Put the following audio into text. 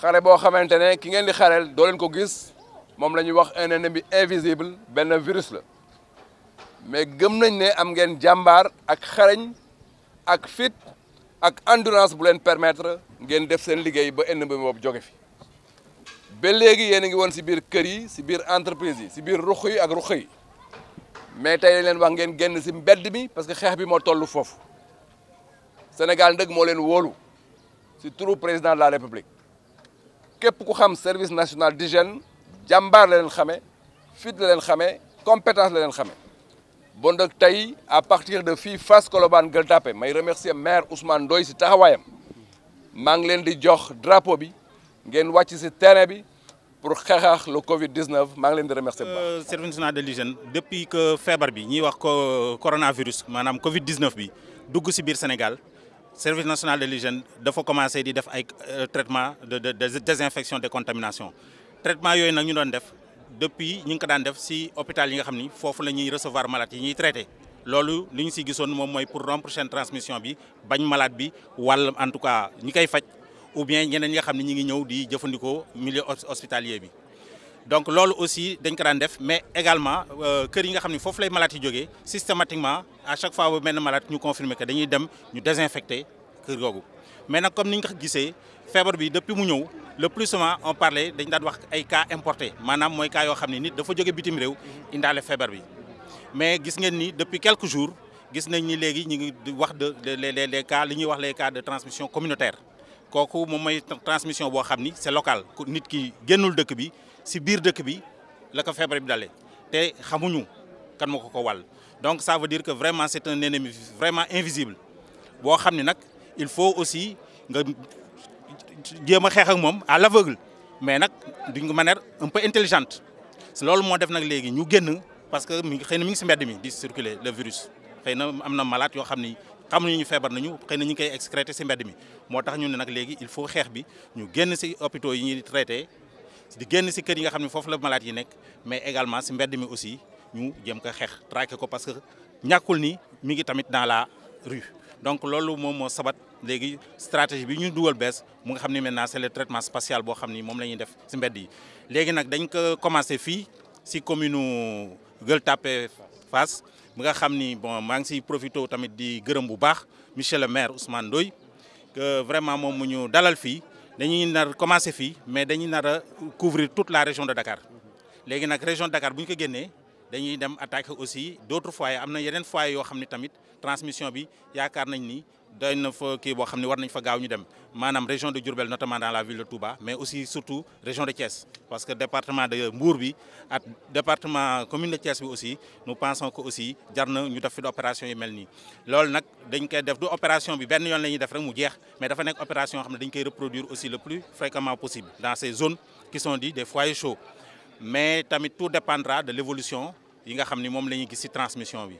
xare boo xamante ne ki ngeen di xareel dooleen ko gis moom la ñuy wax un bi invisible benn virus la mais gëm nañ ne am ngeen jàmbaar ak xarañ ak fit ak endurance bu leen permettre ngeen def seen liggéey ba ennemi boobu joge fi be léegi yéen a ngi wan si biir kër yi si biir entreprise yi si biir ruq yi ak ruq yi mais tey leen wax ngeen génn si mbedd mi parce que xeex bi moo toll foofu Sénégal ndëg moo leen woolu si turu président de la République képp ku xam service national d'hygiène jàmbaar la leen xamee fit la leen xamee compétence la leen xamee bon nag tey à partir de fii Fass Colobane Gueule Tapée may remercier maire Ousmane Ndoye si taxawaayam maa ngi leen di jox drapeau bi ngeen wàcc si terrain bi pour xeexaax le Covid 19 maa ngi leen di remercier bu baax. Euh, service national de l'hygiène depuis que feebar bi ñuy wax ko coronavirus maanaam Covid 19 bi dugg si biir Sénégal service national de l'hygiène dafa commencer di def ay euh, traitement de de des contaminations. traitement yoy nak ñu doon def depuis ñu ko daan def si hôpital yi nga xamni ni la ñuy recevoir malade yi ñuy traiter lolu li ci si mom moy pour rompre chaîne transmission bi bañ malade bi wàll en tout cas ñi kay fajj ou bien ñeneen nga xamni ñi ngi ñëw di jëfëndiko milieu hospitalier bi donc lolu aussi dañ ko daan def mais également keur yi nga xamni fofu lay malade yi systématiquement à chaque fois bu benn malade ñu confirmer que dañuy dem ñu désinfecter keur gogou mais nak comme ni nga ko gisee bi depuis mu ñew le plus souvent on parlait dañ daan wax ay cas importés manam moy cas yo xamni nit dafa jóge bitim rew indalé fièvre bi mais gis ngeen ni depuis quelques jours gis nañ ni légui ñi ngi wax de les les cas li ñuy wax les cas de transmission communautaire kooku moom mooy transmission boo xam ni c'est local nit ki génnul dëkk bi si biir dëkk bi la ko feebar bi dalee te xamuñu kan moo ko ko wàll donc ça veut dire que vraiment c'est un ennemi vraiment invisible boo xam ni il faut aussi nga jéem a xeex ak moom à l'aveugle mais nag d'une manière un peu intelligente loolu moo def nag léegi ñu génn parce que mi xëy na mi ngi si mbedd mi di circuler le virus xëy na am na malade yoo xam xamuñu ñu feebar nañu xëy na ñu ngi koy excréter ci mbedd mi moo tax ñu ne nag léegi il faut xeex bi ñu génn ci hôpitaux yi ñuy traité di génn ci kër yi nga xam ne foofu la malade yi nekk mais également ci mbedd mi aussi ñu jëm ko xeex traqué ko parce que ñàkkul ni mi ngi tamit dans la rue donc loolu moom moo sabat léegi stratégie bi ñu dugal bees mu nga xam ni maintenant c'est le traitement spatial boo xam ni moom la ñuy def ci mbedd yi léegi nag dañ ko commencé fii ci commune Gueule Tapée face nga xamni bon maa ngi siy profité tamit di gëreum bu baax Michel le maire Ousmane Doy, que vraiment moom mu ñu dalal fi dañuy nar commencé fi mais dañuy nar couvrir toute la région de Dakar légui nak région de Dakar buñ ko génnee dañuy dem attaquer aussi d'autres autres foyers am na yeneen foyers yoo tamit transmission bi yaakar nañ ni nous avons fait des boo région de Durbel notamment dans la ville de Touba mais aussi surtout région de Thiès parce que le département de Mourbi et le département commune de Thiès aussi nous pensons que aussi avons fait des opérations. Nous opération fait des opérations, loolu dañ koy def du opération bi mais opération reproduire aussi le plus fréquemment possible dans ces zones qui sont dites des foyers chauds mais tout dépendra de l'évolution de la transmission